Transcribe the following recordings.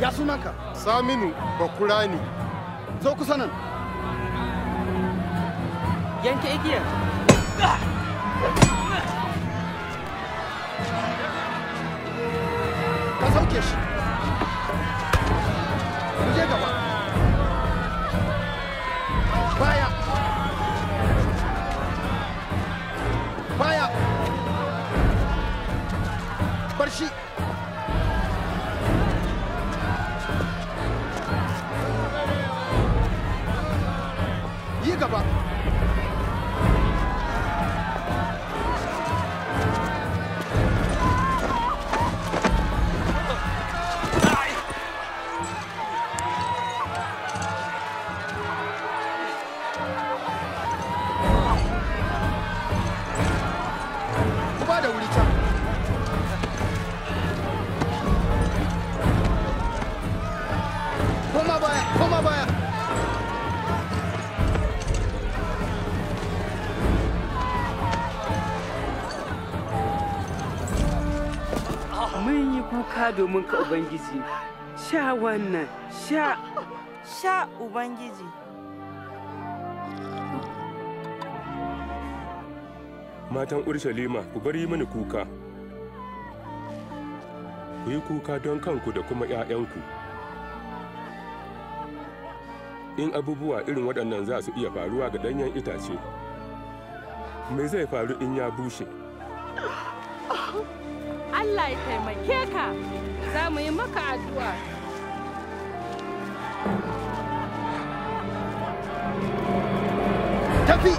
ya sunanka saminu bakurani zo kusa nan yanke igiyar 这是。出去干嘛？快呀！快呀！把这。mun yi kuka domin ka Ubangiji, sha wannan, sha, sha Ubangiji. Matan Urshalima, ku bari mini kuka. Ku yi kuka don kanku da kuma ‘ya'yanku. In abubuwa irin waɗannan za su iya faruwa ga danyen itace, me zai faru in ya bushe? Allah ya taimake ka za mu yi maka addu'a. Tafi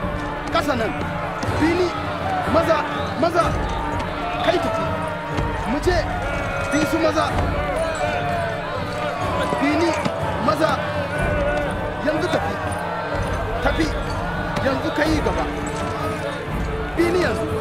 ƙasa nan, fili maza maza kai tafi, mu ce su maza, fili maza yanzu tafi, tafi yanzu ka yi gaba, fili yanzu.